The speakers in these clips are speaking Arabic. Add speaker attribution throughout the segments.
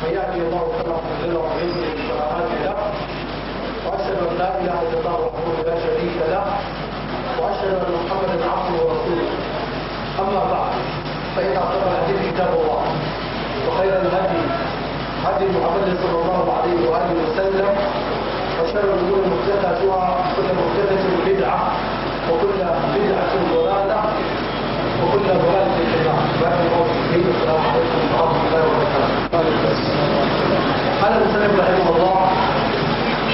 Speaker 1: فيأتي الله كما قدر وعنده الكرامات له وأشهد أن لا إله إلا الله وحده لا شريك له وأشهد أن محمدا عبده ورسوله أما بعد فإن أصدق الحديث كتاب الله وخير الهدي هدي محمد صلى الله عليه وآله وسلم وشر الأمور محدثاتها وكل محدثة بدعة وكل بدعة ضلالة وكنا نراد الاجتماع بارك الله فيك السلام عليكم ورحمه الله وبركاته قال المسلم رحمه الله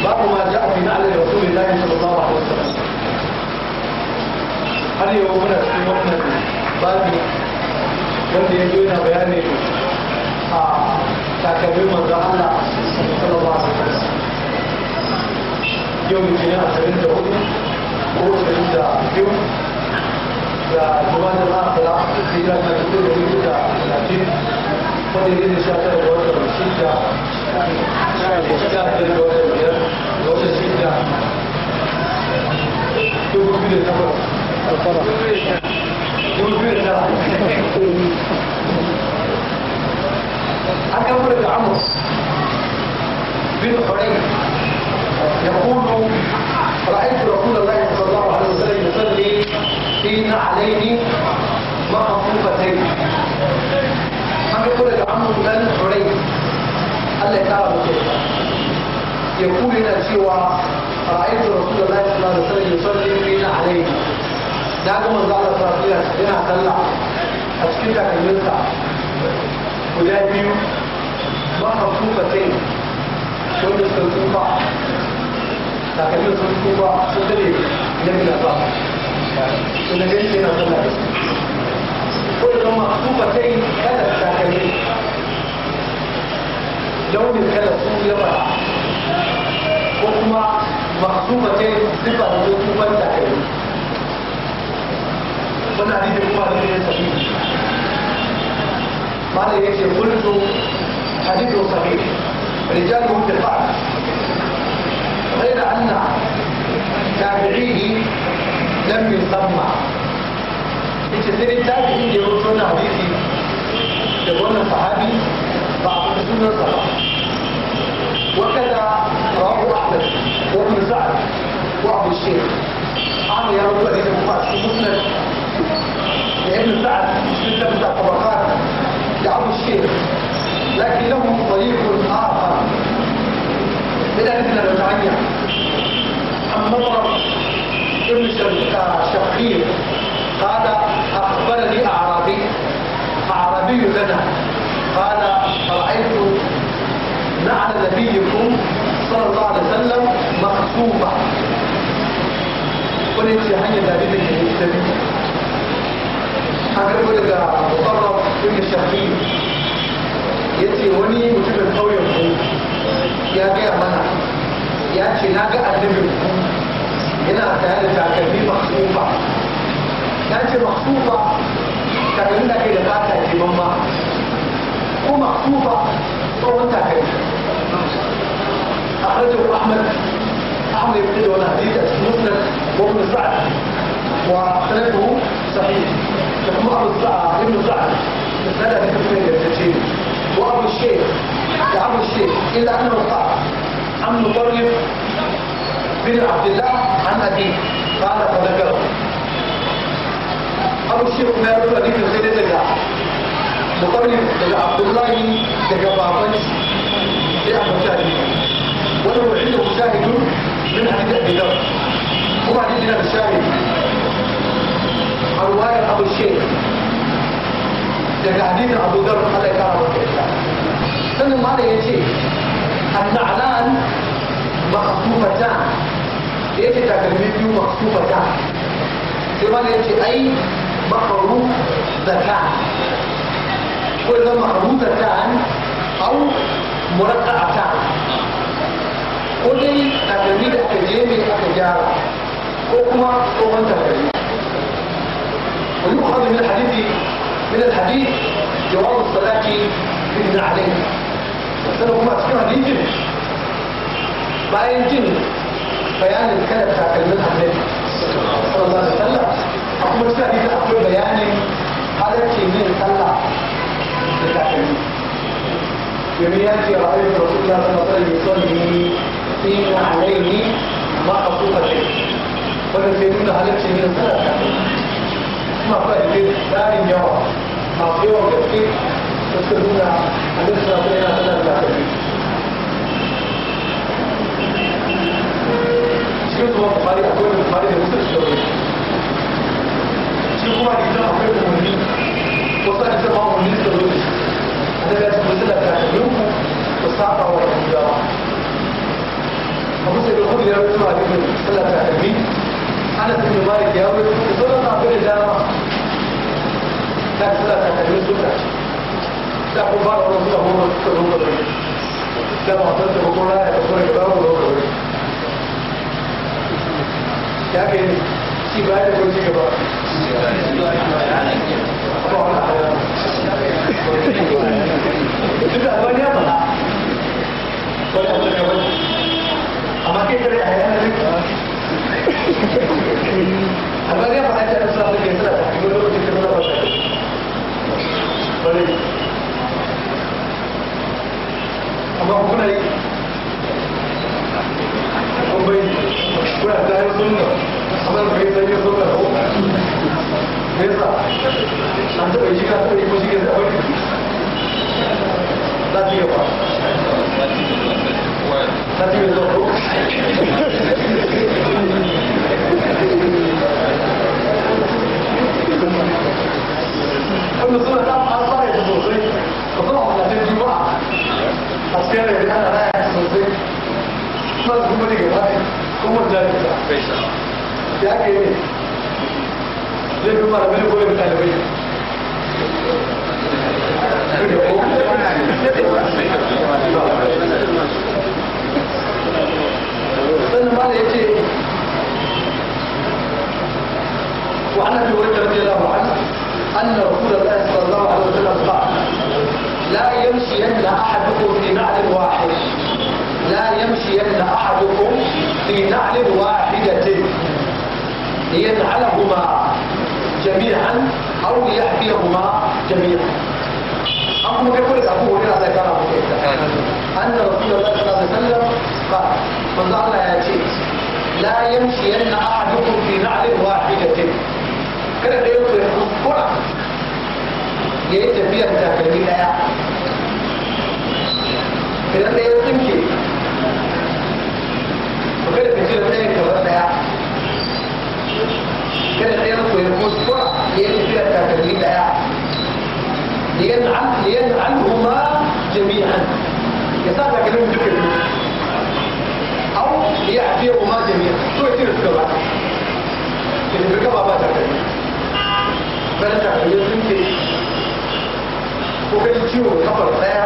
Speaker 1: باب ما جاء في نعل رسول الله صلى الله عليه وسلم هل يومنا في مؤمن بابي wanda ya zo yana bayani a takardun manzan Allah sallallahu alaihi wasallam yau mutum yana 74 ko 72 جوان الآخرة في في ما يصير بك العجيب فلذين شاطر الوزن الشدة شاطر الوزن الوزن الشدة تقول كل الفرح الفرح تقول كل الفرح حكم لك عمرو بن حريث يقول رأيت رسول الله صلى الله عليه وسلم يصلي المصلين عليه مخفوفتين عم يقول العم بن حريم قال لي تعالى بخير يقول لنا سوى رأيت رسول الله صلى الله عليه وسلم يصلي بين عليه نعم من بعد الفرقية لنا أتلع أسكتها كملتها وده بيو مخفوفتين كل السلطة لكن يوصل الكوبا صدري نمي الأطلاق انك فينا هنا وطلع كل ما مخطوفتين كلف شاكلين لون الخلف هو يبقى وكما مخطوفتين صفة وخطوفة شاكلين وانا عديد الكومة اللي هي سبيل معنى يجي قلت حديث صحيح رجال مدفع غير أن تابعيه لم يسمع yace sai dai tabi'in da ya wuce wani hadisi da wannan sahabi ba a kuma وكذا رواه احمد وابن سعد وابن الشيخ عم يا رب الذي تبقى في مسند لابن سعد السلسله بتاع طبقات لابو الشيخ لكن له طريق اخر من ابن الرجعيه عن مطرب شمس كشخير قال أخبرني أعرابي أعرابي لنا قال رأيت نعل نبيكم صلى الله عليه وسلم مخصوبة قلت يا هيا نبي النبي حكيت لك مطرف ابن الشخير يأتي وني mutumin ƙauyen ku ya gaya mana ya ce na ga هنا كانت كان مخطوطة كانت مخطوطة كان لنا كده كانت ماما ومخطوطة وانت كده أخرجه أحمد أحمد يبتدي ولا حديث مسند وابن سعد وأخرجه صحيح ثم أبو سعد ابن سعد سنده في كتبين وأبو الشيخ كأبو الشيخ إلا أنه صعب عم مطرب بن عبد الله عن أبيه قال فذكره أبو الشيخ ما يقول أبيه سيدي تجاه مقابل إلى عبد الله تجاه بابنش جاء شاهد ولو عنده مجاهد من عند أبي ذر هو حديثنا الشاهد رواية أبو الشيخ تجاه حديث أبو ذر هذا كان سنة ما لا يجي النعلان مخطوفتان da yake takalmi biyu maksufa ta sai wanda ya ce ai makaru zata kullum makaru zata au muraka a ta ko dai takalmi da aka je mai aka gyara ko kuma tsohon takalmi ويؤخذ من الحديث من الحديث جواز الصلاة في النعلين. السنة كما تكون حديث باين جن بيان الكلام بتاع كلمة النبي صلى الله عليه وسلم أقول لك سألي تأكل بيان حالتي من الكلام بتاع كلمة جميعاتي رأيت رسول الله صلى الله عليه وسلم يصلي إن عليه ما قصوك شيء ولا سيدنا حالتي بتاع الكلام ما فائدة ثاني جواب ما في يوم كثير تذكرون حديثنا بين أهل الكلام عملت ريسيرش شويه شوف واحد يسمع فكره مهمه وصل يسمع مهمه دلوقتي انا جالس بقول لك هتعملوها والساعه هو الجامعه فبص بيقول لي يا ريت ما هتجيب السله بتاعت البيت انا في مبارك يا ريت بتقول لك تعبير الجامعه لا السله بتاعت البيت بتاعتي تاخد بره ورسول الله صلى الله عليه وسلم كما اعتقد بقول لها يا دكتور الجبار ودكتور الجبار da aka yi ci ba da kuma ci gaba duk da abin ya fara wani abin ya fara amma kai tare a yanar rikta abin ya fara ta ɗansa abin ya tsara a cikin 过来，再来一个。咱们没天都要做这没事啊，反正每十天做一个够十天了。个天那这个天以们虽然讲八十主持，做水，可多这句话，而且呢，现在还做水，那如果你给他。محمود لا يفتح فيصل ده كده ليه بيقول انا بيقول لك انا بيقول استنى ما لقيت وعن ابي هريره رضي الله عنه ان رسول الله صلى الله عليه وسلم قال لا يمشين احدكم في نعل واحد لا يمشين أحدكم في نعل واحدة ليجعلهما جميعا أو ليحفيهما جميعا أم يقول أبوه كذا هذا كان أن رسول الله صلى الله عليه وسلم قال من قال يا شيخ لا يمشين أحدكم في نعل واحدة كذا يقول كرة ya yi tafiyar takalmi وكده بيصير بتاعي كده يا كده تعرف المستوى اللي فيها التكاليف يعني. يا لينعم لينعمهما جميعا يصاب كلمة ذكر أو ليعفيهما جميعا شو يصير السبب؟ اللي بيركبها ما تكاليف فلا تكاليف وكده تشوف الخبر ده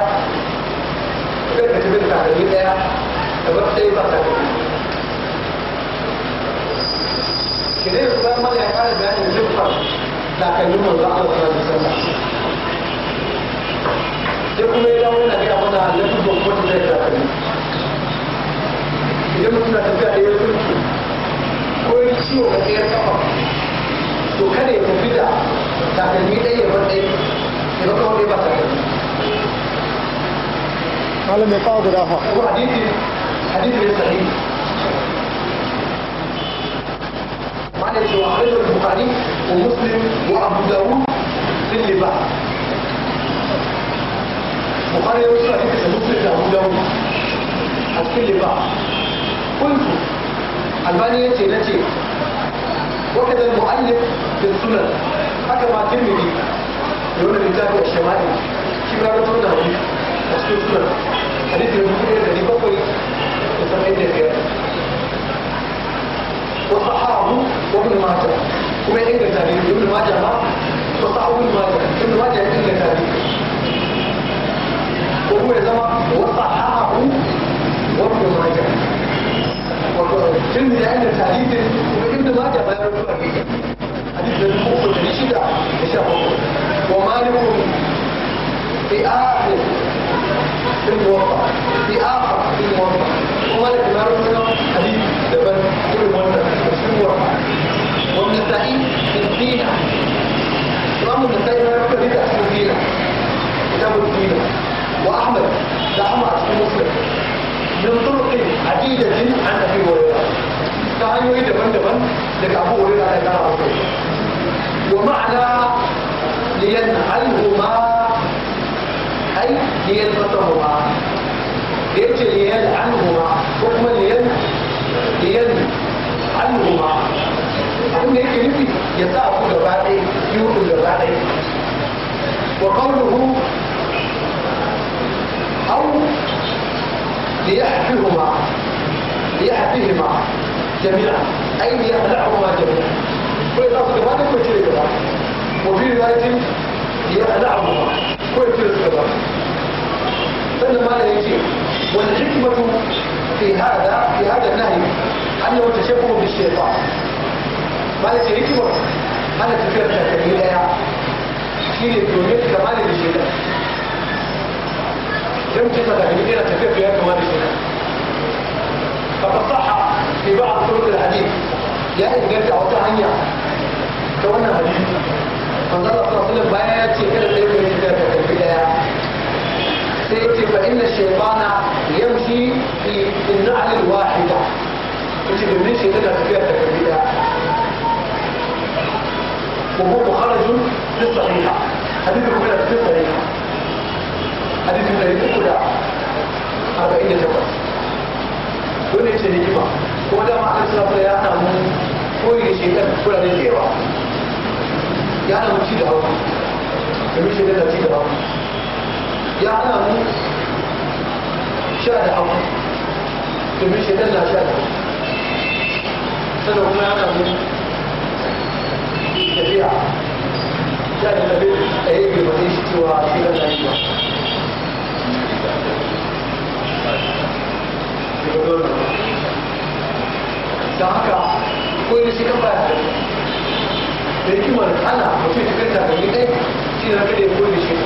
Speaker 1: كيف تبين تعليمي ده تبقى شيء بسيط كده يبقى ما يحاول بأن يفهم لكن يوم الله عليه وسلم يقول لي لو أنا كده وأنا لم أكن قلت زي كده idan mutum na tafiya da ya zurfi ko ya ciwo ka tsayar kafa to kada ya tafi da takalmi ɗaya ya bar ɗaya ya bar kawai ba takalmi علم يقع جناحه حديث حديث صحيح معلش هو اخرجه البخاري ومسلم وابو داوود في اللي بعد البخاري يوصل حديث مسلم وابو داوود في اللي بعد قلت الباني يتي نتي وكذا المؤلف بالسنن حكم الترمذي يقول لك الشمالي كيف لا تقول costruzione. Avete un'idea di popoli che sapete che وصححه وابن ماجه وما إلا تاريخ ابن ماجه ما وصححه ابن ماجه ابن ماجه إلا تاريخ وهو زمان وصححه وابن ماجه وكلمة لأن الحديث ابن ماجه ما يرد أبيه حديث المخرج لشدة لشهر ومالك في آخر في الموضع في آخر في الموضع ومالك ما رسل حديث لبن كل موضع في الموضع والنسائي من دينا ما رسل حديث أحسن دينا كتاب الدينا وأحمد لأحمد أحسن مسلم من طرق عديدة عن أبي هريرة تعالوا دبن دبن لك أبو هريرة على كلام ومعنى لينعلهما أي هي الفطرة يرجع ليل عنهما حكم ليل ليل عنهما عن ليل يلبي يسعى كل بعدي يوم كل بعدي وقوله أو ليحفهما ليحفهما جميعا أي ليخلعهما جميعا في الأصل وفي ذلك ليخلعهما قلت للصبر فإن ما يجيب والحكمة في هذا في هذا النهي أنه تشبه بالشيطان ما التي حكمة أنا تفكر تكميلها شيل الدنيا كمان بالشيطان يمكن تتكلمين تفكر فيها كمان بالشيطان فقد صح في بعض طرق الحديث يا إن جد أو تهنيا كونها حديث فانطلق رسول الله يا كده زي كده كده سيأتي فإن الشيطان يمشي في النعل الواحدة يجي بمشي كده كده البداية وهو مخرج في الصحيحة حديث كده في الصحيحة حديث كده كده 48 wani ce كل شيء ko da ma'anar sarrafa ya samu koyi da shekar kula da ya hana mu ci da hawa domin shi yana ci da hawa ya hana mu sha da hawa domin shi yana sha da hawa sannan kuma ya hana mu tafiya ya da tafi a yi bai bazai shi cewa shi yana yi ba da haka ko yi shi kan baya da hikimar ana mutum ya kanta da kai shi ne kada ko da shi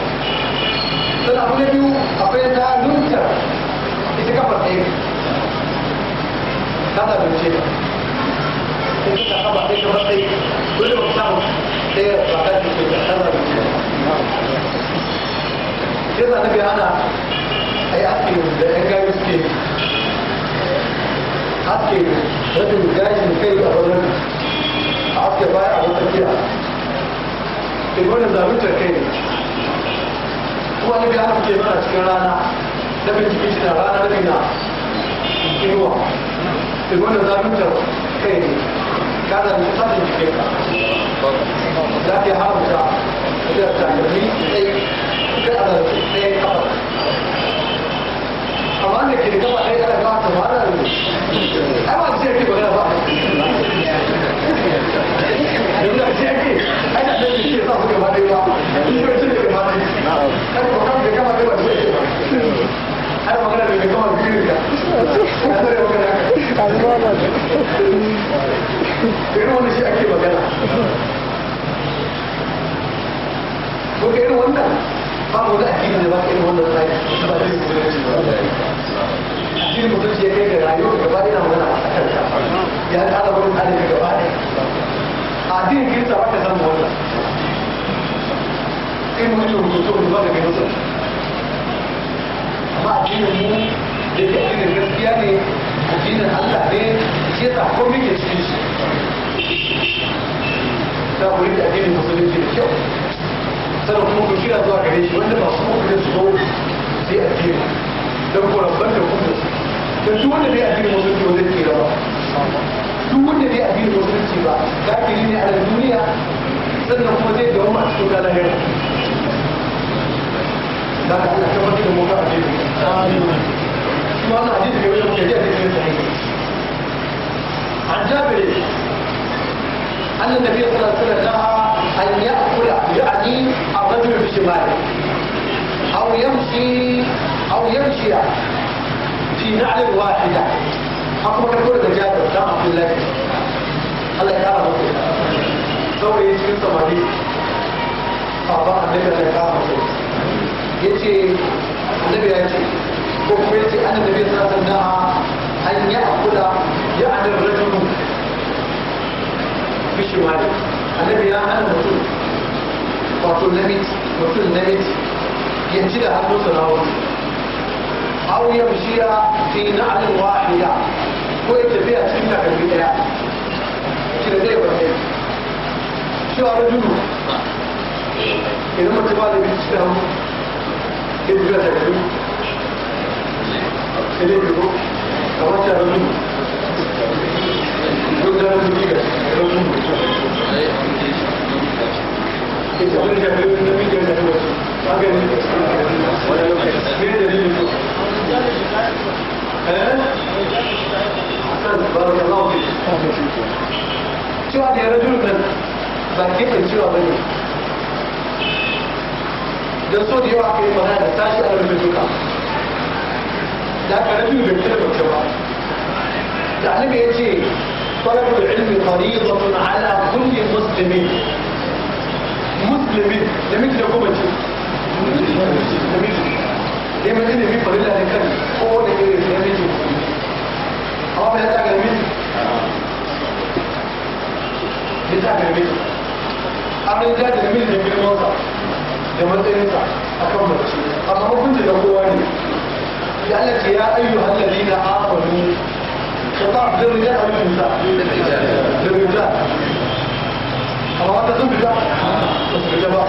Speaker 1: sannan abu na biyu akwai da nunta ita kafar ɗaya ta da nunce ta in ka kafa ɗaya kafar ɗaya dole ba samu ɗaya ba ta ce ta ta da nunce sai da ana a yi aski da ‘yan gari suke aski rashin gashin kai a wurin haske baya a wata kiya imanin zalunta kai kuma daga haka ke mana cikin rana da mai jiki na rana da na inuwa imanin zalunta kai ne kana da tsarin jikin ka za ka haramta da takalmi tsaye kada da tsaye kafa amma ne ke gaba ɗaya da ba ta ba da ai ba ce ke ba ba da shi ake ana a shi ya sa suka bada ba ba da kama da ba shi ba ai kama ba ba ba tsari ba da ba ya kai ga rayuwa gaba a a addinin kirista ba ta san da wannan sai mu mutu rubutu mu ba da kai musu amma addinin mu da ke addinin gaskiya ne addinin Allah ne ke sa ko muke cikin shi za ku rike addinin musulunci da kyau sannan kuma ku kira zuwa gare shi wanda masu kokarin su zo sai addini don ku rabbar da kuma da su wanda zai addinin musulunci wanda ke raba duk wanda dai addinin musulunci ba kafiri ne a nan duniya sannan kuma zai dawo masu shuka lahira da ka ana kamar da mota a jirgin kuma ana hadisi da wajen shari'a da jirgin sahihi an jabiri أن النبي صلى الله عليه وسلم نهى أن يأكل يعني الرجل بشماله أو يمشي أو يمشي في نعل واحدة an kuma ka tura da jabir dan abdullahi Allah ya kara muku saurayi cikin samari babba annabi Allah ya kara muku yace annabi ya ce ko kuma yace annabi sallallahu alaihi a an ya akula ya anar rajulu bishi wani annabi ya hana mutum wato namiji mutum namiji yanci da hannunsa na wani أو يمشي في نعل واحدة وإنت فيها سنة في البداية كده ليه ولا شو على جنوب إذا ما تبالي بتشتهم كيف جاتك جنوب اللي بيقول تبالي على جنوب كنت أنا بجيبك رجل إذا كنت أنا بجيبك رجل ولا لو كنت بارك الله شو هذا رجل من شو هذا دستور يوعى في المهنة تاشي أنا بجدوك ذاك رجل بكلمة شباب تعلم طلب العلم فريضة على كل مسلم مسلم لمثل كوبتي neman ilimin farilla ne kan kowane irin na miji amma bai ta gami bai ta gami an rai jaji da miji da girmansa da matsayinsa a kan mace amma hukunci da kowa ne ya alaƙa ya ayyu hallari na amanu خطاب للرجال او للنساء للرجال او هذا زوجة بس بجبار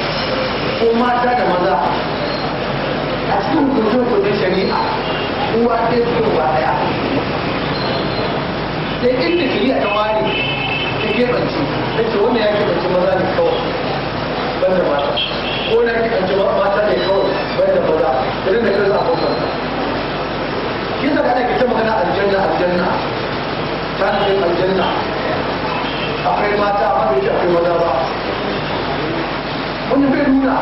Speaker 1: ko mata da maza a cikin da shari'a uwa ɗaya su uwa ɗaya sai da shari'a ta ware ta keɓance da ce wanda ya keɓance maza da kawai ban da mata ko na keɓance mata ne kawai ban da maza da nan da kan za a bambanta yadda ka ɗaga magana aljanna aljanna ta nufin aljanna akwai mata ba bai akwai maza ba هم في الأولى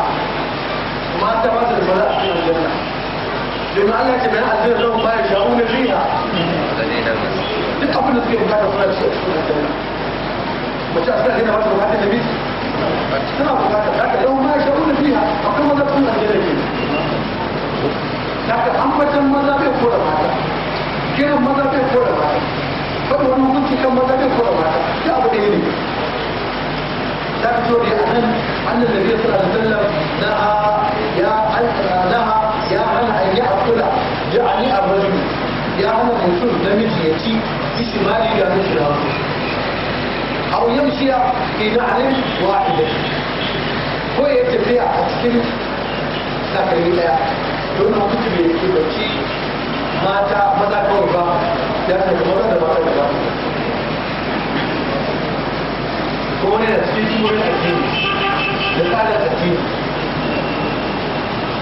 Speaker 1: وما تبادل البلاء في الجنة لما الله تبنى الدين لهم ما يشاءون فيها لقبل الدين كان هناك شيء في الجنة هنا مثلا هذا النبي لهم ما يشاءون فيها فكما ذكرنا الجنة لكن أمة ماذا بيقول هذا كيف ماذا بيقول هذا فلو نقول كم ماذا بيقول هذا لا أبدا يلي تكتب أن أن النبي صلى الله عليه وسلم نهى يا نهى يا هل أن يأكل يعني الرجل يا هل المسلم نمشي يتي بشماله يا مشي أو يمشي في نعل واحدة ko ya tafiya a cikin sakari daya don haka su bai yi bacci mata maza kawai ba ya sanya maza da mata da ba ko ne da cikin cikin addini da tsada addini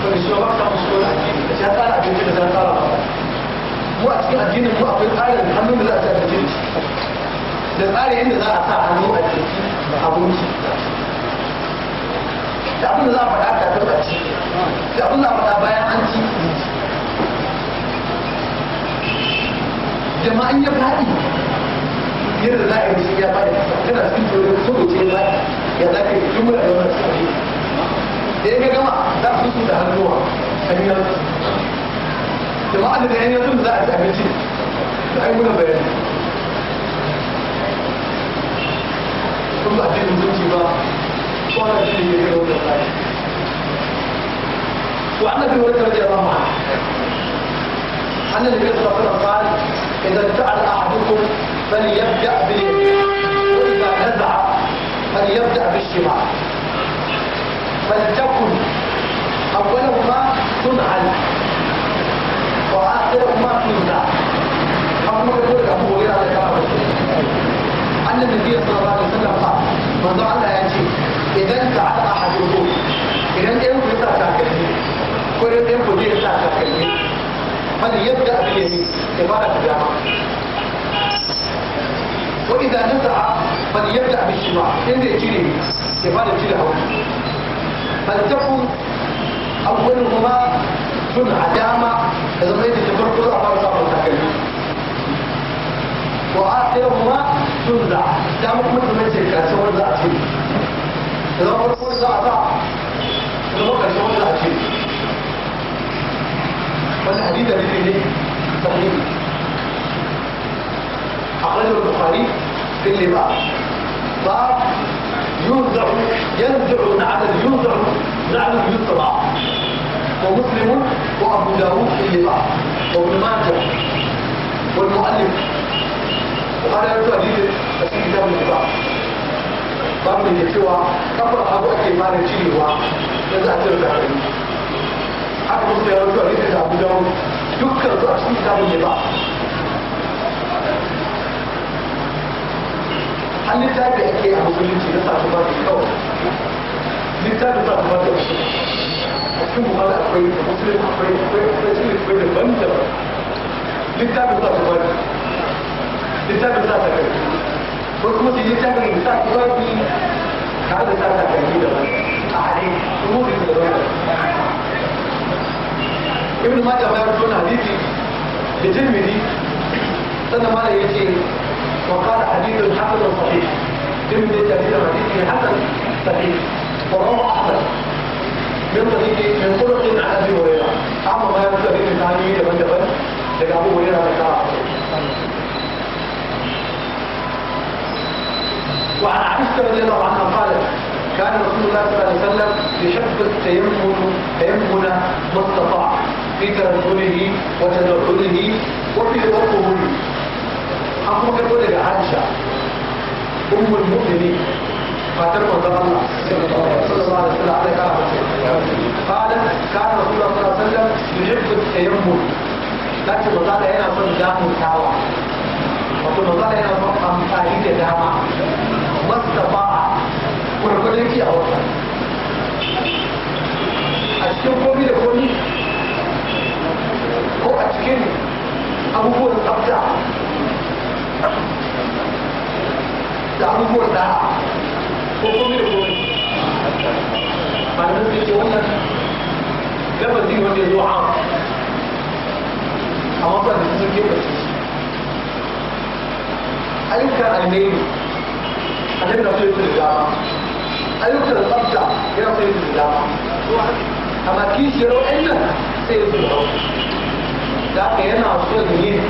Speaker 1: to shi ba ta musu da addini da ta tsara addini da ta tsara ba mu a cikin addinin mu akwai tsarin hannun da za a tsara addini da tsarin inda za a sa hannu a jiki da abinci da abin da za a faɗa ka a ci da abin da faɗa bayan an ci jama'an ya faɗi ير لا يمشي يا بعد كنا سيدي سوي شيء لا يا ذاك الجملة يوم السبت إيه يا جماعة لا تسوي ده النوع أمين جماعة اللي يعني يسوي لا تعمل شيء لا يقولون بيان ثم أحد يزوجي بقى وأنا أجي يقول وعن ابي هريره رضي الله عنه ان النبي صلى الله عليه وسلم قال اذا ابتعد احدكم فليبدأ باليمين وإذا نزع فليبدأ بالشمال فلتكن أولهما صنعا وآخرهما تنزع مقول يقول أبو هريرة على كلام أن النبي صلى الله عليه وسلم قال من ضاع الله يجي إذا احد الامور إذا أنت يوم يسعى تاكلني كل يوم يسعى تاكلني فليبدأ باليمين عبارة الجامعة وإذا نزع فليبدأ بالشماع إن يجري كمان يجري هون فلتكن أولهما ذو العدامة إذا ما يجي تفرق الله ما يصاب التكلم وآخرهما ذو الزع دامك مثل ما يجري كان سوى الزع شيء إذا ما يقول الزع زع إذا ما كان سوى الزع شيء والحديث الذي فيه صحيح أخرجه البخاري في اللي بعد باب ينزع ينزع نعله ينزع نعله يطبع ومسلم وأبو داود في اللي بعد وابن ماجه والمؤلف وقال يا حديث بس كتاب الباب باب من سوى كبر أبو أكي ما مالك شيء يزع ترجع حتى مسلم يا حديث أبو داود يذكر رأس كتاب النباح har littafi ake a musulunci na sasu ba kawai littafin sasu ba kawai a cikin kuma da musulun akwai akwai akwai cikin akwai da ban da ba littafin sasu ba littafin sa ta kai ko kuma su sa ka da sa ta kai da ba a kuma da ba ibn majah ya rubuta hadisi da tirmidhi sannan ma da ضمن سبيل حديث حسن صحيح وروى أحسن من طريق من طرق عن ابي هريره اما ما يقول في من ثاني دبن دبن لك ابو هريره ذكر وعن عائشه رضي الله عنها قالت كان رسول الله صلى الله عليه وسلم يشبك تيمم تيمم ما استطاع في ترجله وتدخله وفي الوقوه أقول لك عائشة أم المؤمنين فاتر الله صلى الله عليه وسلم عليها قال كان رسول الله صلى الله عليه وسلم يحب التيمم لكن وقال هنا صلى الله عليه وسلم وقال وطالع هنا صلى الله عليه وسلم ما استطاع لك يا وطن أشكو قومي لقومي هو أبو أبوه أبدع darúgbò dá owó mi ò lórí màdùn ti ṣe wọn náà lẹ́wọ̀n tí wọ́n lè lọ àwọn àwọn bá ti tún gé pẹ̀lú. ayyukan alheri annabi na sai da dama ayyukan tsafta yana sai da dama amma kishiyar wa'annan sai su da hau da haka yana son yin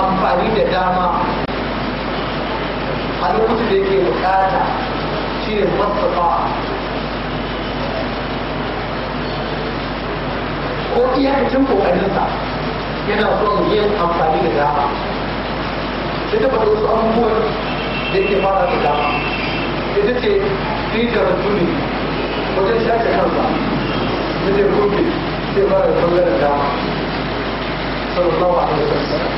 Speaker 1: amfani da dama da الوقت اللي مكانه شيء مستطاع ko iyakacin kokarinsa yana son yin amfani da dama sai ta faɗi wasu abubuwan da yake fara da dama ita ce rijar tuni wajen shaƙe kansa da zai kurbe sai fara da bangaren dama sallallahu alaihi wasallam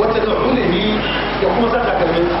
Speaker 1: wacce ta hulumi ya kuma sa takalminsa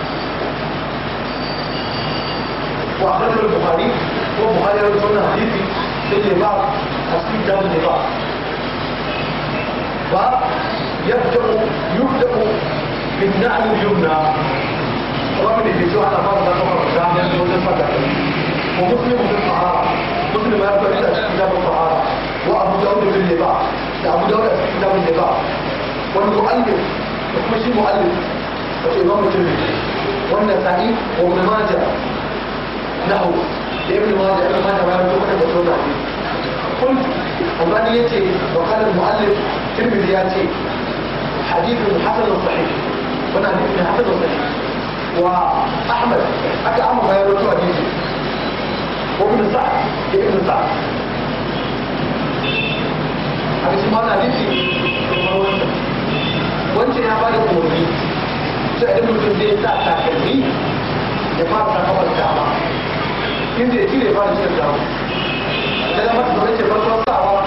Speaker 1: واخرجه البخاري والبخاري لو قلنا حديثي اللي بعض تصديق ده من بعض ويبدأ يبدأ بالنعم اليمنى رغم ان في على فرض اخرى يعني يقول الفتح ومسلم في الطهارة مسلم يبدأ يسأل كتاب الطهارة وابو داود في اللباع ابو داود في كتاب اللباع والمؤلف مش مؤلف الامام الترمذي والنسائي وابن ماجه nahu da ibn majah ibn majah ya rubuta wannan hadisi kun ubani yace wa qala al-muallif tirmidhi yace hadithun hasanun sahih wannan hadithun hasanun sahih وأحمد أكا أمر ما يروي حديثه وابن سعد ابن سعد حديث ما حديثي wancan ya bada umarni sai ibn mutum zai sa takalmi ya fara kafa dama cikin da ya cire ba da cire da ta da da zai ce farko sawa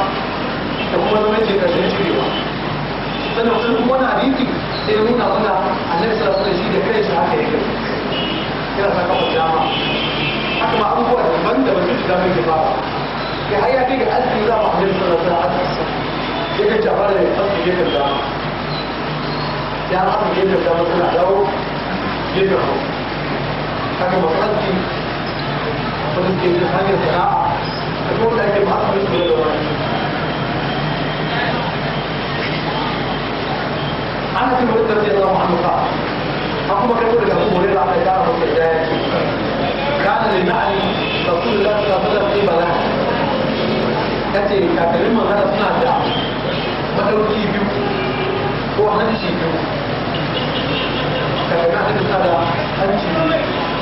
Speaker 1: da kuma zai ce karshen cirewa sannan kuma wani hadisi sai nuna mana annabi sallallahu alaihi shi da kai shi haka yake yana ta kafa dama haka ma abubuwa daban da ba su shiga mai gaba kai har ya kai ga azumi za mu annabi sallallahu alaihi wasallam ya kai jaba da ya azumi ya kan dama ya haka ya kan dama suna dawo ya kan hau haka masu azumi فممكن ثانية ساعة تكون لكن معك بالنسبة للوالد أنا في مرد رضي الله عنه قال أبو بكر يقول لأبو هريرة على إدارة الدجاج كان للنعل رسول الله صلى الله عليه وسلم قيمة لها kace kafirin magana suna da madauki biyu ko hanci biyu kafirin suna da hanci biyu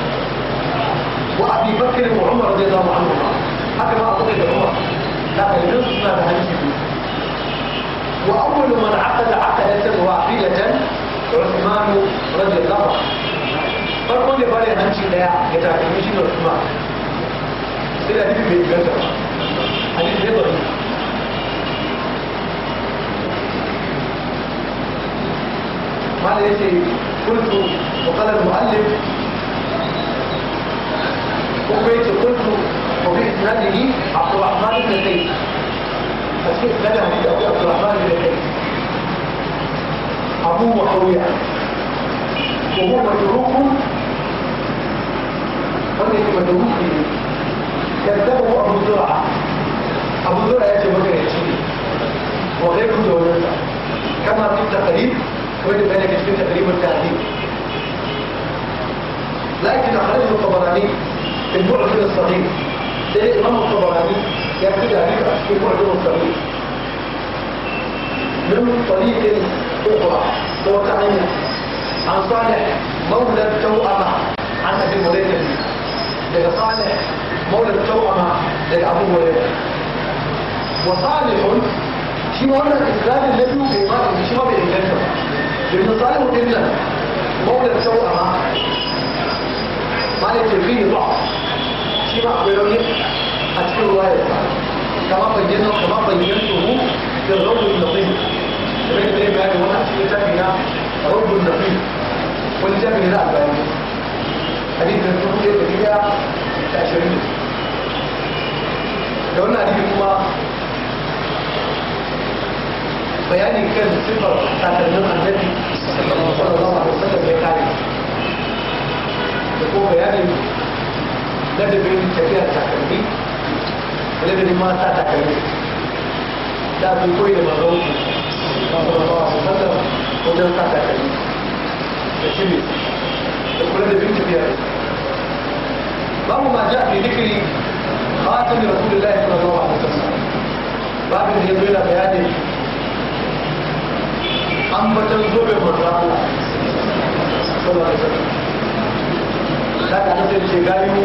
Speaker 1: وأبي بكر وعمر رضي الله عنهما هكذا أعتقد عمر لكن نصف ما بهنسكم وأول من عقد عقدة واحدة عثمان رضي الله عنه فرقون لبالي هنشي لا يتعلمي شيء عثمان سيلا دي بيجبتها حديث يضعي ماذا يتي قلت وقال المؤلف وبيت طفله وبيت نبيه عبد الرحمن بن زيد فسير بلغ عبد الرحمن بن زيد أبوه ربيع وهو متروك قرية متروك كذبه أبو زرعة أبو زرعة يأتي بكر يشيل وغيره دولته كما في تقريب وإن بالك في تقريب التعليم لكن أخرجه الطبراني البعد الصغير ده الإمام الطبراني يكتب عليك في البعد الصغير من طريق أخرى هو تعالى عن صالح مولى التوأمة عن أبي مولاي النبي لأن صالح مولى التوأمة لقى أبو هريرة وصالح شي مولى الإسلام الذي بيقاتل مش ما بيقاتل لأن صالح إلا مولى التوأمة مالك الفيل ضعف shi ma akwai rauni a cikin ruwayarsa kama bayyana kama bayyana su mu da rauni da bai kamar yadda ya bayani wani a cikin tafi na rauni da bai wani tafi na albani hadisin dubu ɗaya da ɗaya da ashirin da wannan hadisin kuma bayanin kan sifar takardun annabi sallallahu alaihi wasallam ya kare da kuma bayanin الذي بين كثير تكلمي الذي ما تكلمي لا بكل مظلوم صلى الله عليه وسلم وده تكلمي تشمي يقول الذي بين كثير باب ما جاء في ذكر خاتم رسول الله صلى الله عليه وسلم باب اللي يدل على بيان أما تنزل بالرحمة صلى الله عليه وسلم za ka nufin ce gayu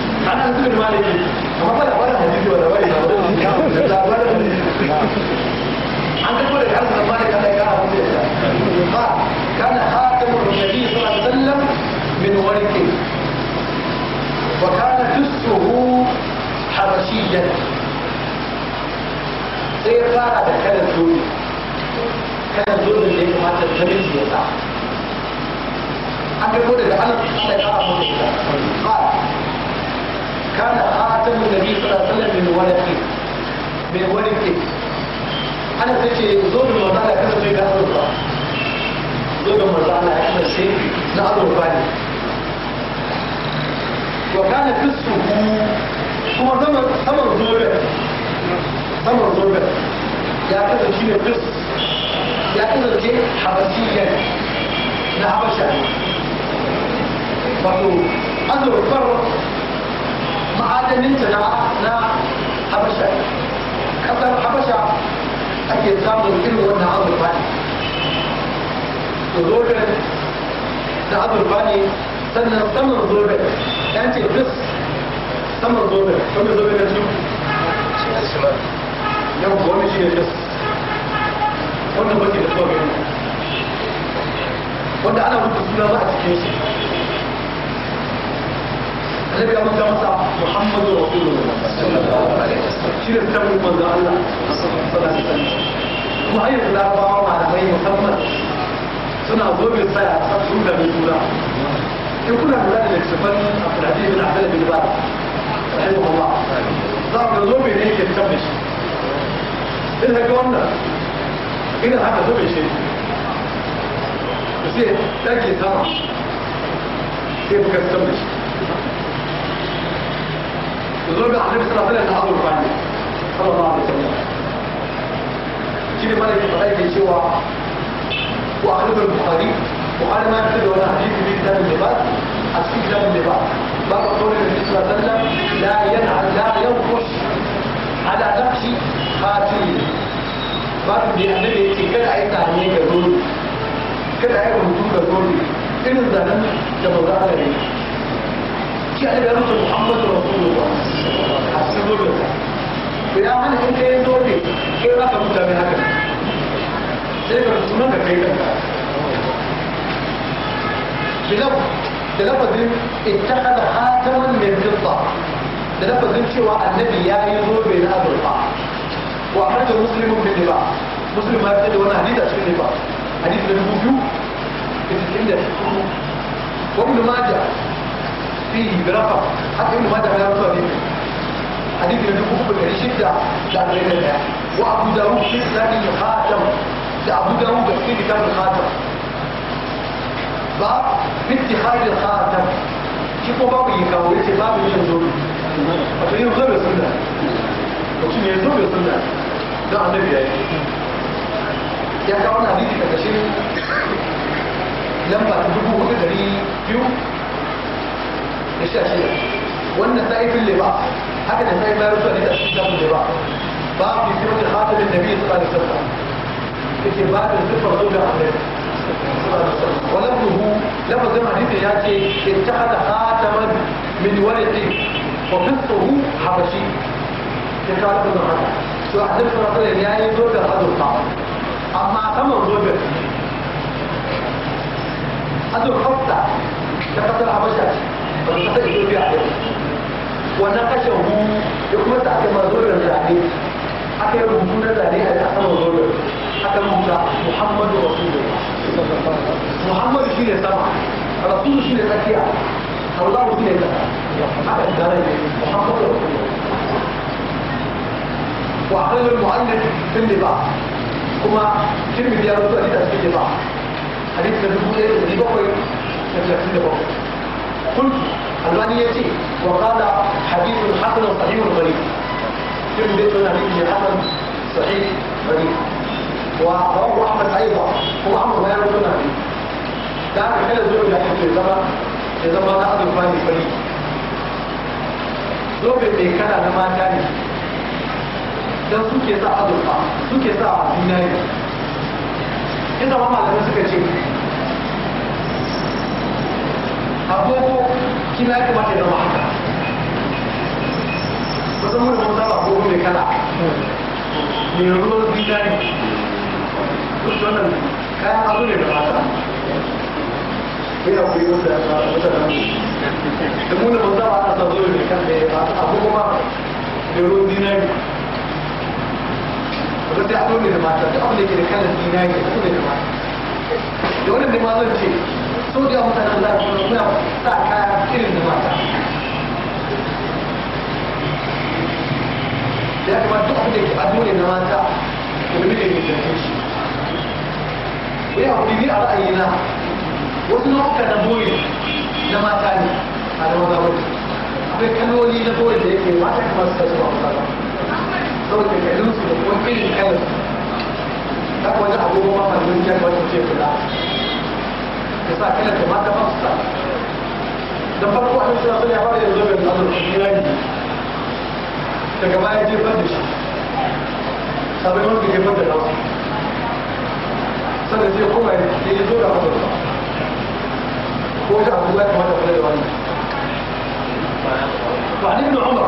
Speaker 1: انا قلت له مالي ولا ولا هديك ولا ولا لا عند كل الحسن مالك هذا كان قال كان خاتم النبي صلى الله عليه وسلم من ورثه وكان جثه حرشيا sai ya fara da kanan dole kanan dole da ya kamata zarin ya sa an karbo daga anas كان خاتم النبي صلى الله عليه وسلم من ولده إيه؟ من ولده إيه؟ أنا تجي زور المرضى لكن في قهر الله زور المرضى لكن شيء نعبر بالي وكان في السوق هو ثمر ثمر زوره ثمر زوره يا كذا شيء قص يا كذا شيء حبشيا na habasha wato azurfar ma'adanin na na habasha kasar habasha ake samun irin wannan azurfa ne zoben da azurfa ne sannan saman zoben ya ce bis saman zoben wanda zoben na cikin yau wani shi ne bis wannan mace da zoben wanda ana mutu suna ba a cikin shi النبي أبو محمد رسول الله صلى الله عليه وسلم شير السبب من ذا الله صلى الله عليه وسلم ما هي الأربعة على غير مسمى سنة ضرب الساعة تقول من جولا يكون هؤلاء الاكتفال في الحديث من أحسن بن باز رحمه الله ضرب ضرب إليك التبش إذا قلنا إذا هذا ضرب شيء بس تجي تمام كيف كتبش zuwa ga annabi sallallahu alaihi wasallam ta bani sallallahu alaihi wasallam shi ne malamin fara yake cewa wa ahlul bukhari wa an ma fi da hadisi bi kitabin libas a cikin kitabin libas ba ka kawo da annabi sallallahu alaihi wasallam la yana la yanqush ala naqshi khatiri ba da annabi yake kada ai ga zuri kada ai rubutu irin zanen da ba شهد أنت محمد رسول الله حسبوا له بلا عن أنت يزوري كيف أنت متابعك سيبا رسولك كيف بلفظ بلفظ اتخذ خاتما من فضة بلفظ شوى النبي يا يزور بين أبو القاع وأحمد المسلم في النباع مسلم ما يبتدي وانا حديث في النباع حديث من البوكيو في الكلمة وابن ماجه فيه برقم حتى ابن ماجه لا يرسل عليه حديث النبي صلى الله شدة وسلم شهرين الآن وأبو داوود في ثاني الخاتم ابو داوود في ثاني الخاتم باب في اتخاذ الخاتم شوفوا باب يكاو اتخاذ باب wato yin zobe suna mutum ya zobe suna don نبي ya yi ya kawo na hadisi daga shi lamba ta dubu الشاشية والنسائي في اللباء حتى النسائي ما يرسل إلى الشاشة اللي اللباء باب في سيرة خاتم النبي صلى الله عليه وسلم في باب الصفة الأولى عن النبي ولبنه لفظ حديث ياتي اتخذ خاتما من ولد وقصه حبشي في تكاد ابن حجر سو عدد فرصة يعني زوجة هذا الطعام أما كما زوجة هذا الخطة لقد الحبشي ba su ta iya biya da wannan kashe hu da kuma ta aka mazo da zane aka yi rubutu na zane a ta sama zo da aka rubuta muhammadu rasulullah muhammadu shi ne sama rasulu shi ne tsakiya allah shi ne kasa aka zara ne muhammadu rasulullah wa akalin mu'allif sun ba kuma tirmidhi biyar rubuta hadisi a cikin ba hadisi da dubu ɗaya da ɗari bakwai da talatin da bakwai قلت يأتي وقال حديث حسن صحيح غريب في بيتنا حديث حسن صحيح غريب وهو أحمد أيضا هو أحمد ما هنا فيه دعنا كلا زوج إلى حفظ الزمن إذا ما نأخذ فاني فريق زوج اللي كان na mata ne don suke sa azurfa suke sa zinari ita ma malamai suka ce shi ma ya kamata ya zama haka kusan mun mun zaba ko mai kala mai ruwan zinari kusa wannan kayan abu ne da fata yana kuyi wasu da mutanen da mun mun zaba ana ta zuwa mai kan da ya ta abu kuma mai ruwan zinari kusa sai abu ne da mata duk abu da ke da kalan zinari abu ne da mata da wannan ne ma zan ce so da yawa mutanen za su suna sa kaya irin da ya da da a ra'ayina wasu nau'uka na na ne a da na da yake mata kamar su da kuma irin kalin ta wajen abubuwan ka sa kalan da mata ba su sa da farko an sa sun ya fara yanzu mai nazo shirani daga baya jefar da shi sabon wanda jefar da nasu sannan sai kuma ya yi zo da hannun ba ko da abu ya kamata kula da wannan وعن ابن عمر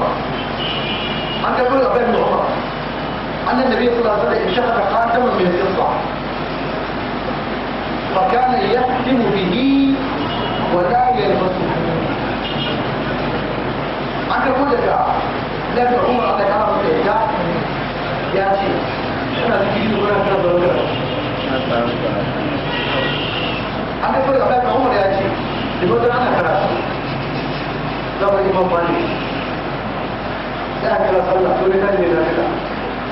Speaker 1: عن ابن عمر أن النبي صلى الله عليه وسلم انشق خاتما من القصة فكان يحكم به ولا يلبسه aka ko daga daga umar da ka hafa ya ya ce kana da kiri wurin kan ko da karatu zama yi ban bani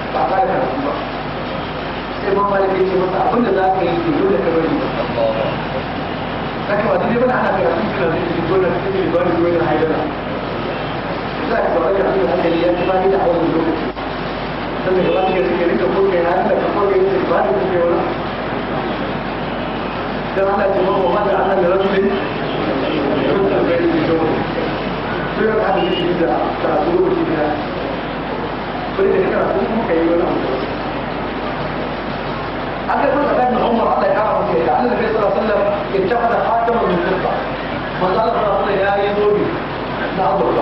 Speaker 1: sai sai ban malik yake masa abin da za ka yi ke dole ka bari haka ba dai bana ana karatu kina zai ji dole ka yi ba ni dole haidara za ka ba ka yi hankali ya ci ba ni da awon lokaci sannan gaba ka yi rika ko kai har da ka ko kai ce ba ni kuke wala dan Allah ce ba ma da Allah da rabbi rubutun bai ji dole sai ka hada shi da karatu lokaci da bai da karatu kuma kai wala قبل كل ابن عمر الله يرحمه كده النبي صلى الله عليه وسلم اتخذ خاتما من فضة وطلب رسول الله يدوري نعبد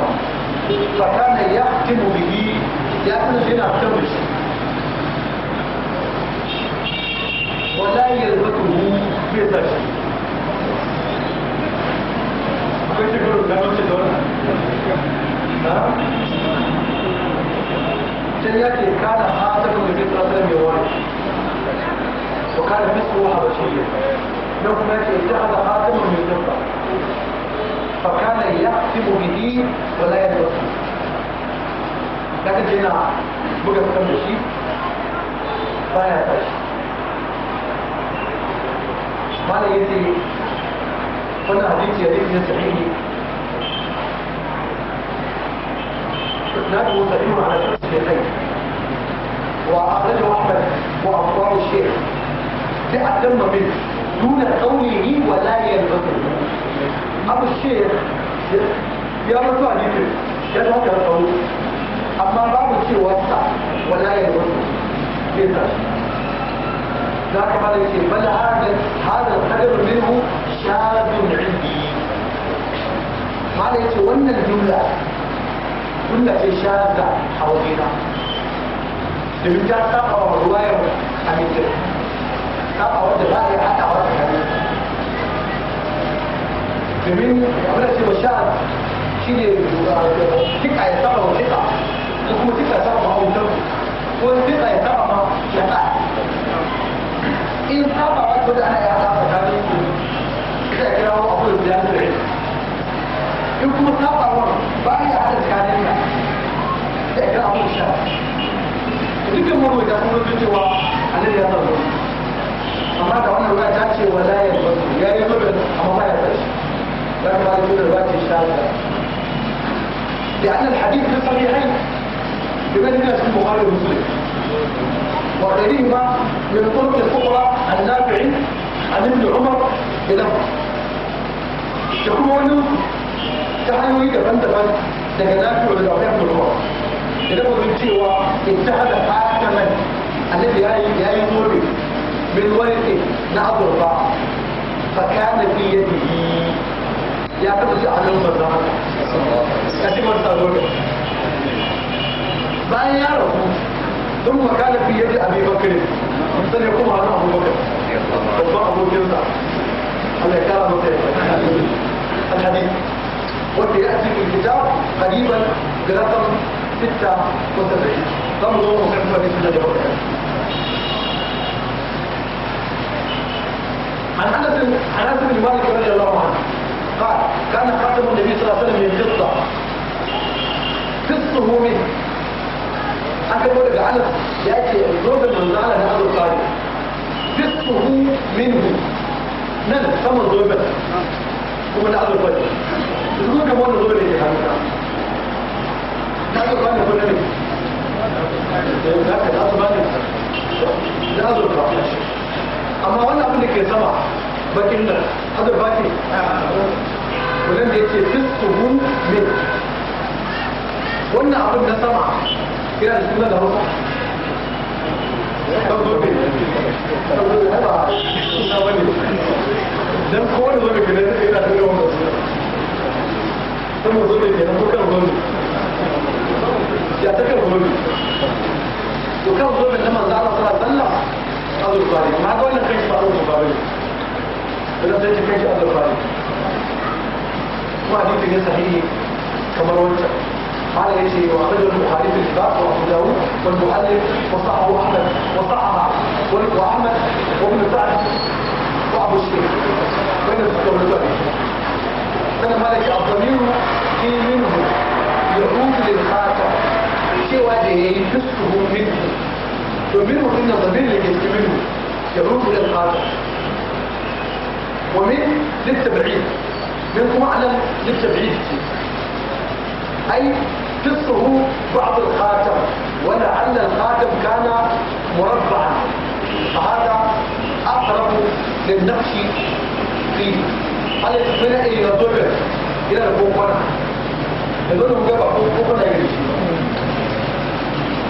Speaker 1: فكان يختم به لأنه هنا اختمش ولا يلبسه في سجن كنت يقولوا لا مش دون ها؟ كان خاتم النبي صلى الله عليه وسلم يوارث وكان مثله لو لقمة اتخذ خاتم من فضة فكان يقسم به ولا يدرسه لكن جينا بقى كم شيء baya tashi ما ya ce wannan يا ريت na sahihi إسناده سليم على شخص الشيخين وأخرجه أحمد وأبطال الشيخ سعة تم منه دون قوله ولا ينبغي أبو الشيخ يا رسول الله يا رسول الله أما بعض الشيء وسع ولا ينبغي كذا ذاك ما يصير بل هذا هذا القدر منه شاذ عندي ما يصير وأن الجملة جملة شاذة حوالينا لمن جاء ساقه رواية عن الجملة أعود الرائعة أعود جميل ومن والشعب شيء تقع يتقع وتقع لكم تقع سبب أو تقع وتقع يتقع يقع إن أبع وقت أنا يا أبع تابعي إذا كده هو أقول بلان بريد يمكن أبع وقت باقي عدد كانين إذا كده أقول الشعب ذكر مرة يقول الذي هو الذي يضرب amma ga wannan ruwa ta ce wa layar ya yi zubin amma ba ya tashi za ka ba da zubin ruwa ce shaza لأن الحديث في الصحيحين بما لنا في البخاري ومسلم وغيرهما من الطرق الأخرى النافع عن ابن عمر إليه يكون wani ta hanyoyi daban-daban daga nafi'u da zaune da ruwa idan mutum cewa ita hada hakaman annabi ya yi more بالورق نعبد الرفاعة فكان في يده يا كبس على المزرعة كثير من تقول بأن يعرف ثم كان في يد أبي بكر مثل يقوم على أبو بكر وفاء أبو جنزة الله يكرم الحديث والذي يأتي في الكتاب قريبا برقم 76 تمضوا وكيف في الجبهة عن انس بن انس بن مالك رضي الله عنه قال كان خاتم النبي صلى الله عليه وسلم قصه منه حتى اكل مولد علف ياتي الزوج من زعل هذا القاضي قصه منه من ثم الزوج ومن هذا القاضي الزوج كمان الزوج اللي كان هذا القاضي يقول لي لا تقصد ما نقصد لا تقصد amma wannan abin da ke sama bakin nan hadar baki wannan da yake fiskuhu min wannan abin na sama ya da suna da ya قبل الخارج ما قلنا كيش معروف مقابل بلو زيت كيش قبل الخارج ما دي في صحيح كما رويت قال يجي وأخرج البخاري في الكتاب وأبو داود والمؤلف وصححه أحمد وصححه وأحمد وابن سعد وأبو الشيخ وين الدولتين كان مالك الضمير في منه يعود للخاتم سوى ده يلبسه منه ومنهم الضمير اللي جيت منه يروح للقاطع ومن للتبعيد منكم أعلم للتبعيد أي قصه بعض الخاتم ولعل الخاتم كان مربعا فهذا أقرب للنقش فيه هل يتمنى إلى ضرب إلى الفوقنا جابوا مجابة فوقنا يجري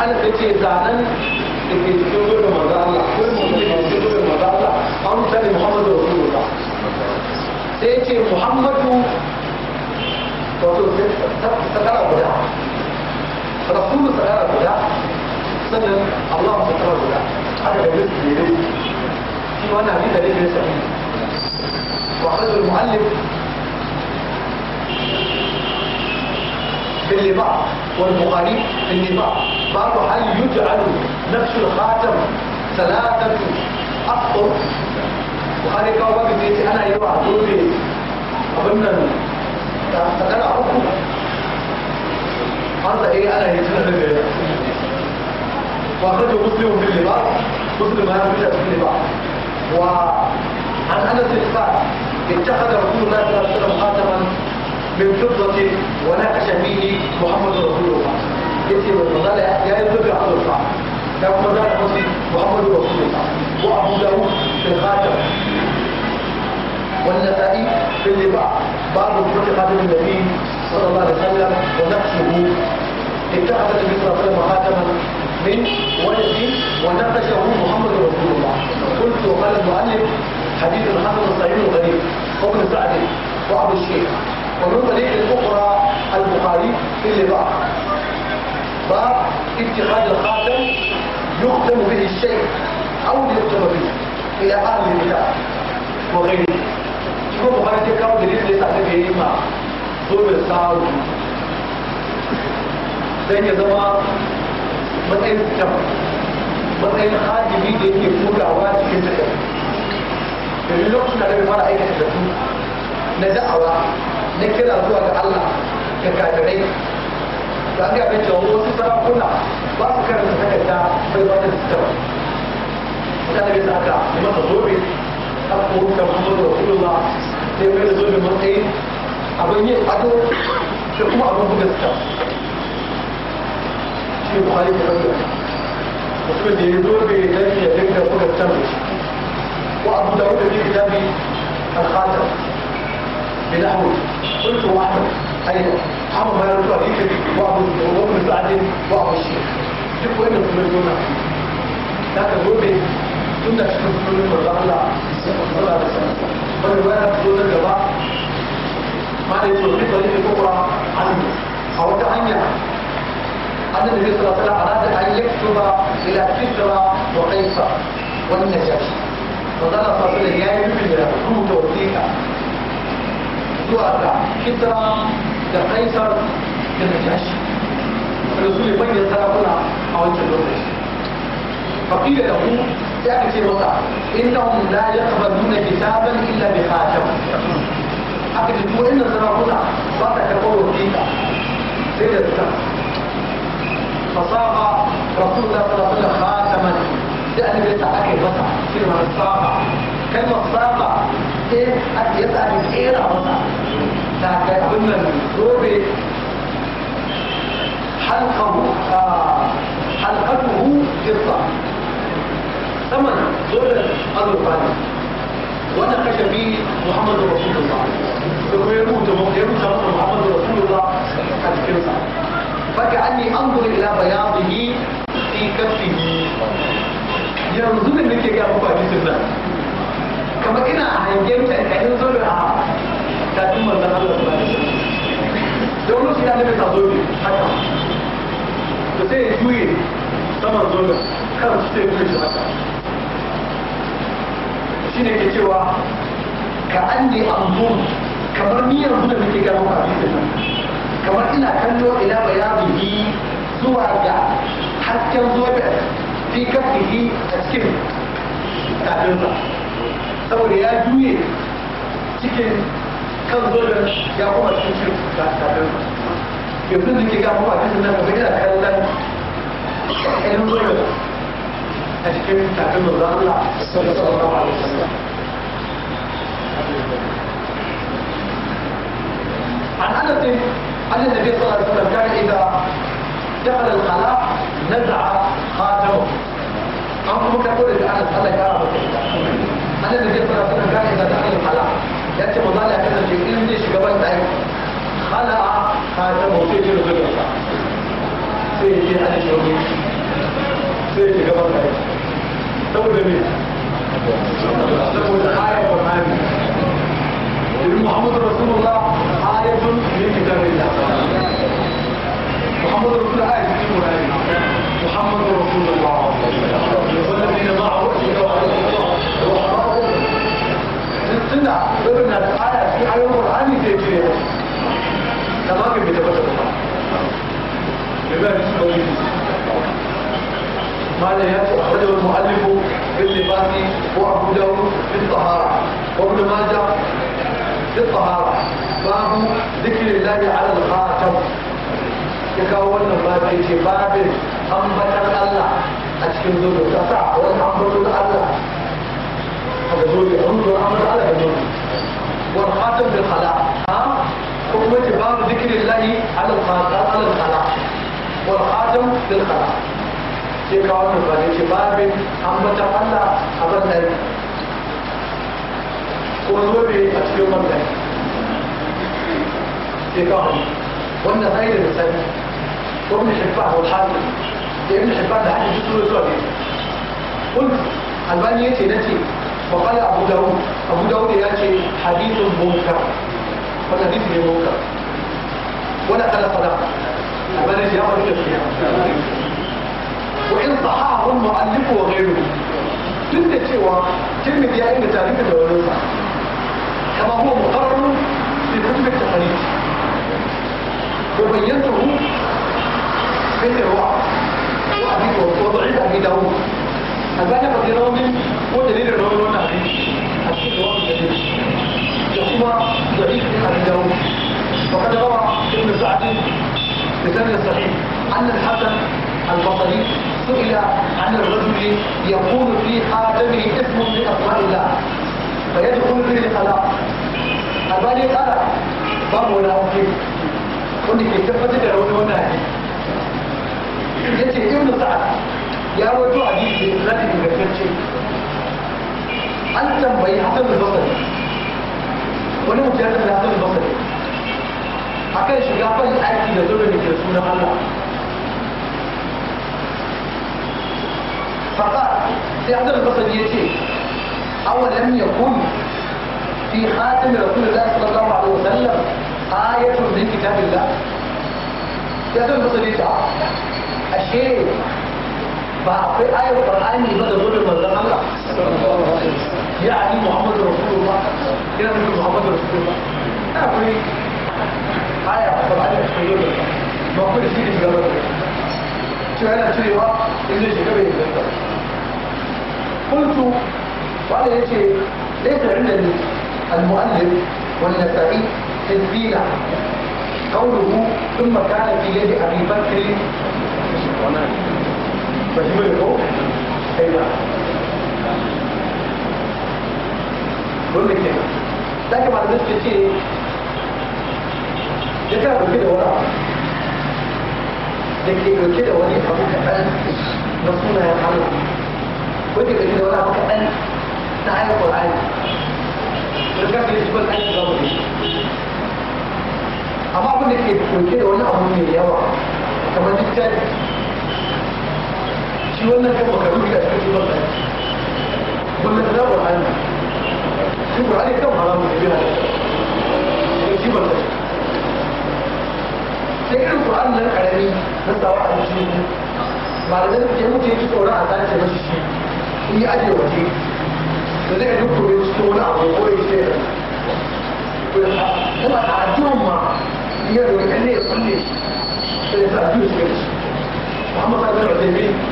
Speaker 1: أنا كنت زعلان في كل ما الله كل ما كل ما الله أم تاني محمد رسول الله سيتي محمد رسول سترى ولا رسول سترى ولا سنن الله سترى ولا هذا ليس لي وأنا هذه ليس لي وأخرجه المؤلف في اللي بعض والبخاري في بعض قالوا هل يجعل نفس الخاتم ثلاثة أخطر وقال لك أبو بكر بيتي أنا يروح دولي أبنى تقلع حكم قال إيه أنا يجي وأخرجه مسلم في اللباس مسلم ما يوجد في اللباس وعن أنس قال اتخذ رسول الله صلى الله عليه وسلم خاتما من فضة ونقش فيه محمد رسول الله يتي والله لا يا يبلغ عبد الرحمن لو قدر مسلم وأحمد وأبو داود في الخاتم والنسائي في اللباع بعض الفتح خاتم النبي صلى الله عليه وسلم ونفسه اتخذت النبي صلى خاتما من ولد ونقشه محمد رسول الله قلت وقال المؤلف حديث حسن صحيح غريب وابن سعد وابو الشيخ ومن طريق الاخرى البخاري في اللباع باتخاذ الخاتم يختم به الشيء او يختم به الى اهل الكتاب وغيره شوفوا بخاري تلك اللي ليس عليه إيه؟ به ما ظلم الساعه زي زمان ما تقل تكمل ما تقل خاتم جديد يجي يفوت على واحد يجي يسكت اللي لقصنا عليه ما رايك حتى تفوت نزعوا نكر الله ككاتبين لأن يعمل جوه سرقنا وأفكر من هكذا في الوقت السبب وكان بيسألك لما تظلمي أقول كمحمد رسول الله لما يظلم المرئين أبن يفعله شكوما أبن بكتا شيء مخالف الرجل وكل يدور بذلك يدرك فوق التمر وأبو داود في كتابه الخاتم بنحو قلت واحد ايوه حرب ما يرجع ليك بعض الامور بعدين بعض الشيء شوف وين الكوميديون لكن هو كنا شوف كل مرة طلع طلع وانا كل الجماعة ما يتوقف طريق الكبرى عني او تعني أن النبي صلى الله عليه وسلم أراد أن يكتب إلى كسرى وقيصر والنجاشي وقال صلى الله عليه وسلم يا يمكن له كتب وثيقة سؤال كسرى له جاش الرسول 在拍片儿跟他联系，这个所以关键他俩不拿好几多东西，他毕业的工。يعني في وضع إنهم لا يقبلون كتابا إلا بخاتم أكيد هو إن سرقونا صارت تقول فيها سيد السم فصاغ رسول الله صلى الله عليه وسلم خاتما يعني بيسا أكيد وضع كلمه السم كلمة صاغ إيه أكيد يسأل إيه وضع حلقه حلقته قطة ثمن دولة الوقت وانا كتبي محمد رسول الله ثم يموت يموت محمد رسول الله قد فكأني انظر الى بياضه في كفه ينظر انك يا ابو كما كنا هنجمت ان ينظر kafin manzon Allah ba da shi don lokacin da annabi tazo ne haka to sai ya juye kan su sai kuka shi haka shine cewa ka anni anzur kamar ni yanzu da nake gano a cikin kamar ina kallo ila bayani zuwa ga hasken zobe fi kafihi a cikin tafinsa saboda ya juye cikin كم ظلم يا هو تشوف يبدو كي هو عايز انه بدا كلام الظلم أشكال تعلم الله صلى الله عليه وسلم عن أنس أن النبي صلى الله عليه وسلم كان إذا دخل الخلاء نزع خاتمه أنكم كتبوا لأنس الله يعرف أن النبي صلى الله عليه وسلم كان إذا دخل الخلاء yace manzo Allah kan ce in zai shiga ban dai khala kada mu sai ji rubuta sai ji an shi sai ji gaban dai saboda me saboda ayat Qur'ani in Muhammad Rasulullah ayatun min kitabillah محمد رسول الله محمد رسول الله والذين معه tunda babin na da aya cikin ayoyin Qur'ani zai cire musu da ma bai tabbata ba da ba su bari ماذا يأتي أخرجه المؤلف في اللباس وأبو داود في الطهارة وابن ماجه في الطهارة باب ذكر الله على الخاتم يكون ما بيتي باب أنبت الله أشكر ذنوب تسع وأنبت الله مجهول يهود والعمل على مجهول والخاتم بالخلاء ها حكمة باب ذكر الله على الخاتم على الخلاء والخاتم بالخلاء sai kawo ta ba ce babin ambatan Allah a bandari ko zobe a cikin bandari sai kawo wannan sai da misali ko ibn hibban wal hakim da ibn hibban da وقال أبو داود أبو داود يأتي حديث منكر وحديث منكر ولا قال صلاة أبدا يا وإن صححه المؤلف وغيره جنة سوى كلمة يا إن تاريخ الدولة كما هو مقرر في كتب التقاليد وبينته في الرواية وضعيف أبي داود الباقي مدينومي ودليل الرجل وانا عايش هتشوف الوقت الجديد يقوم ضعيف في حد داود وقد روى ابن سعدي بسند صحيح ان الحسن البصري سئل عن الرجل يقول في خاتمه اسم لاسماء الله فيدخل به الخلاء الباني قال باب ولا وكيل قلت كيف تفتت العلوم والنهي يأتي ابن سعد يا وجه حديث الذي بكتشي أنت بي حسن البصري wani mutum ya tafi hasan basari a kan shiga fari aiki da zuwa da ke sunan Allah faka sai hasan basari ya ce awalam ya kun fi khatim rasulullahi sallallahu alaihi wasallam ayatun min kitabillah sai hasan basari ya ce ashe فأعطي آية القرآن اللي بدا يقول المرضان الله يعني محمد رسول الله كده من محمد رسول الله أعطي آية القرآن يقول الله ما كل شيء يجب شو هنا شو يوا اللي جبه قلت وأنا يجي ليس عندني المؤلف والنسائي تسجيلا قوله ثم كان في يد أبي بكر ba shi ko kai ba dole ke da ke malamai suke ce da kana dauke da wani abu da ke dauke da wani abu kaɗan na sunayen Allah ko ke dauke wani abu kaɗan na ayar Qur'ani da ka fi zubar an shiga wani amma abin da ke dauke da wani abu mai yawa kamar littafi shi wannan kan makaru da shi wannan wannan da Qur'ani shi Qur'ani kan haramun ne yana da shi ban sai sai irin Qur'ani nan karami na sawa a cikin malamin da muke yi tsoron a tace mashi shi in yi aje waje da zai duk kure cikin wani abu ko ya ce kuma a ajiyar ma iya da wani ne ya kulle sai ya sa ajiyar shi Muhammad Abdul Rahman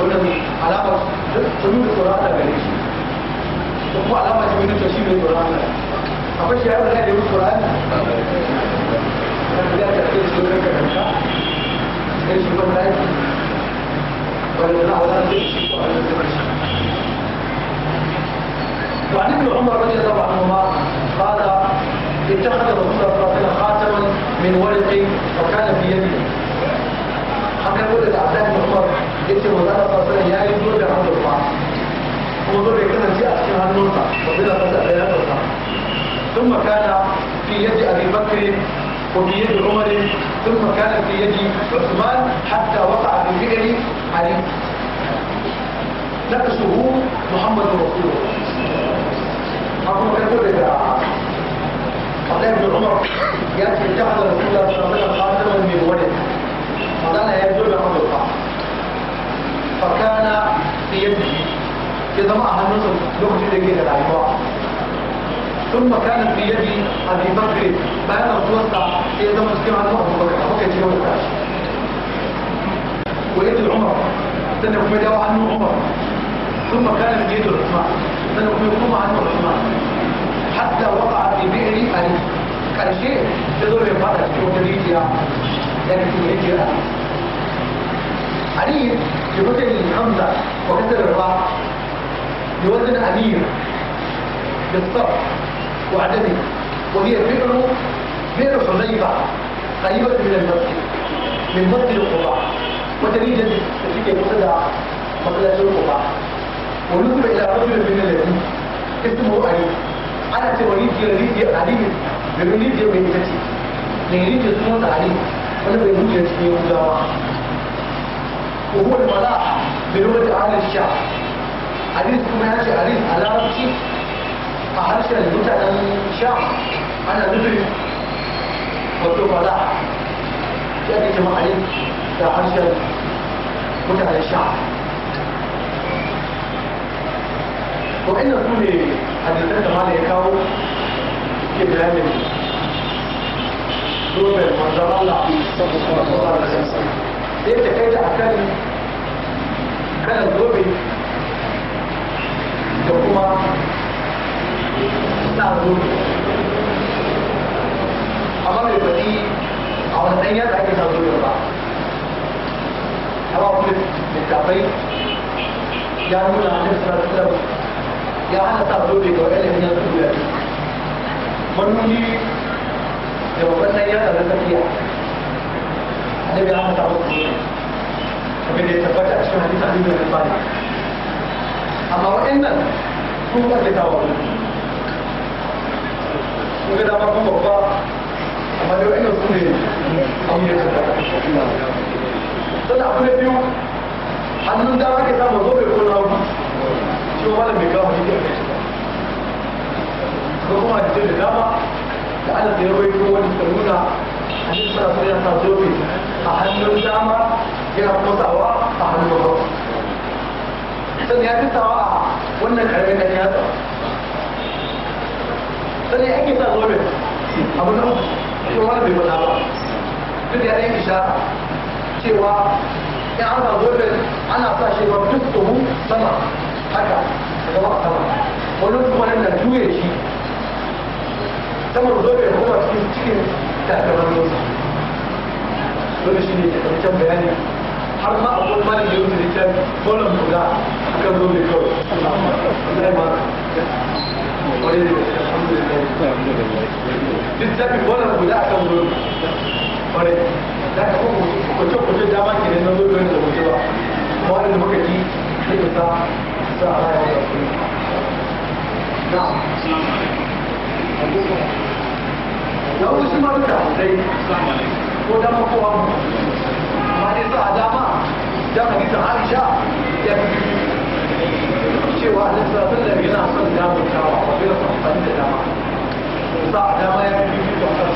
Speaker 1: wannan ne alamar tunu da tsoron Allah gare shi ko kuma alama ce wani toshi mai tsoron Allah akwai shi yaro da ya yi tsoron Allah kan da ta ce shi ne ka kanta sai shi ban dai wannan na wannan sai shi ko Allah ya bashi وعن ابن عمر رضي الله عنهما قال اتخذ رسول الله صلى الله عليه وسلم خاتما من ورق وكان في يده حتى كل الأعداء الكفار أنت مدرسة صلى الله عليه وسلم عند البعض وانظر كما جاء في هذه النقطة وبلا فسألات ثم كان في يد أبي بكر وفي يد عمر ثم كان في يد عثمان حتى وقع في فعل علي نفسه محمد رسول الله أبو بكر كل عبد الله بن عمر يأتي تحت رسول الله صلى الله عليه وسلم قاتلا من ولده كان يبدو له بالقاع فكان في يده كذا ما أهنته لغت لكي الأنواع ثم كان في يدي أبي بكر بعد أن توسع في يد مسلم عن أبو بكر أبو بكر الكاش ويد عمر سنة كم يدعو عنه عمر ثم كان في يد عثمان سنة كم يقوم عنه عثمان حتى وقع في بئر أليس كان شيء يدور يفعل في وجديد يعني كان فيه هجرة أمير يقتل الحمزة وكسر الراء يوزن أمير بالصرف وعدده وهي فعل فعل حذيفة قريبة من المسجد من مسجد القباء وتريد التي يقصد مقلة القباء ونسب إلى رجل من الذين اسمه أنيس أنا توليد يريد أنيس بريد يميتتي ليريد يسمون أنيس الذي يوجد فيه الدواء وهو الملاح بلغة أهل الشعب حديث كما يأتي حديث على ربتي أهل شعب متعلم الشعب أنا ندرك وفي فلاح يأتي كما حديث أهل شعب متعلم الشعب وإن كل حديثات ما ليكاو كبيرة منه دوب المنظر الله صلى الله عليه وسلم انت كده كان كان دوبي تقوى تعذر أمر البدي أو الدنيا تحكي تعذر الله أو أقول للتعطيل يا رجل عن نفسنا تسلم يا أنا تعذر لك وإلا هي تقول لك منوني da babban nan yatsa da tafiya annabi ya masa wasu abin da ya tabbata a cikin hadisi abin da ya fara amma waɗannan sun ƙarfita wa wani sun ga dama kuma babba amma da waɗannan su ne abin da ya tabbata sannan abu na biyu hannun dama ke samu zo bai kona wani shi ma malam bai kawo shi ke kai shi ba kuma da dama da ana da yawai ko wani ta nuna a cikin sarasa yana sa zobe a hannun dama yana kusawa a hannun hagu sannan ya kusawa a wannan karamin da ya tsawa sannan ake sa zobe abu na uku wani bai wata ba duk ya ɗaya cewa in an zobe ana sa shi ba duk tuhu sama haka da gaba sama shi ta manzo bai koma cikin cikin takamanninsa dole shi ne bayani har ma a kuma da yau da ta bolon kawai Allah ma wani ne bolon da ka kuma kwace-kwace dama ke nan zo da wuce ba da muka ji sai ka sa sa a rayuwa da su da wasu maruka dai ko dama ko abu amma dai sa a dama da hadisin aisha ya cewa da sabon da yana son damar tawa a wajen da dama sa a dama ya fi yi wasan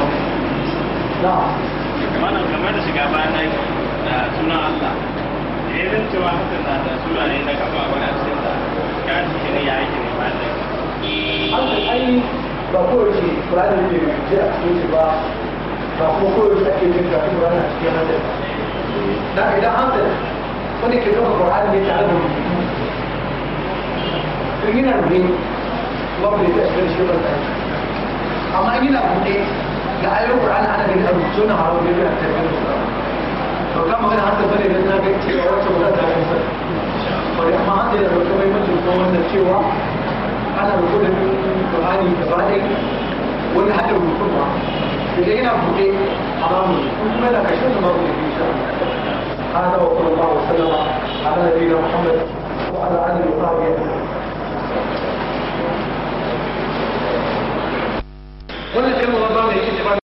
Speaker 1: samu kamar da shiga bayan da sunan allah da cewa hakan na da suna ne na kafa da ya ci ya yi ba shi kurani ne mai ji a cikin shi ba ba kuma shi ake jin kafin kurani a cikin hanzar na idan hanzar wani ke ɗauka kurani ne tare da rubutu in yana rubutu ba ku da ita shigar shi ba zai amma in yana buɗe da ayyukan kurani ana ganin rubutu na haro ne yana tafiyar da to kan magana hanzar bane da na ga cewa wacce ba za ta yi hanzar amma hanzar da rubutu mai mutum kuma wanda cewa ana rubuta Qur'ani gaba ɗaya wani hadin rubutun ba da yana buɗe a mamu kuma da kashin da mamu da ke sha هذا وصلى الله وسلم على نبينا محمد وعلى اله وصحبه ولا كلمه ربما يجي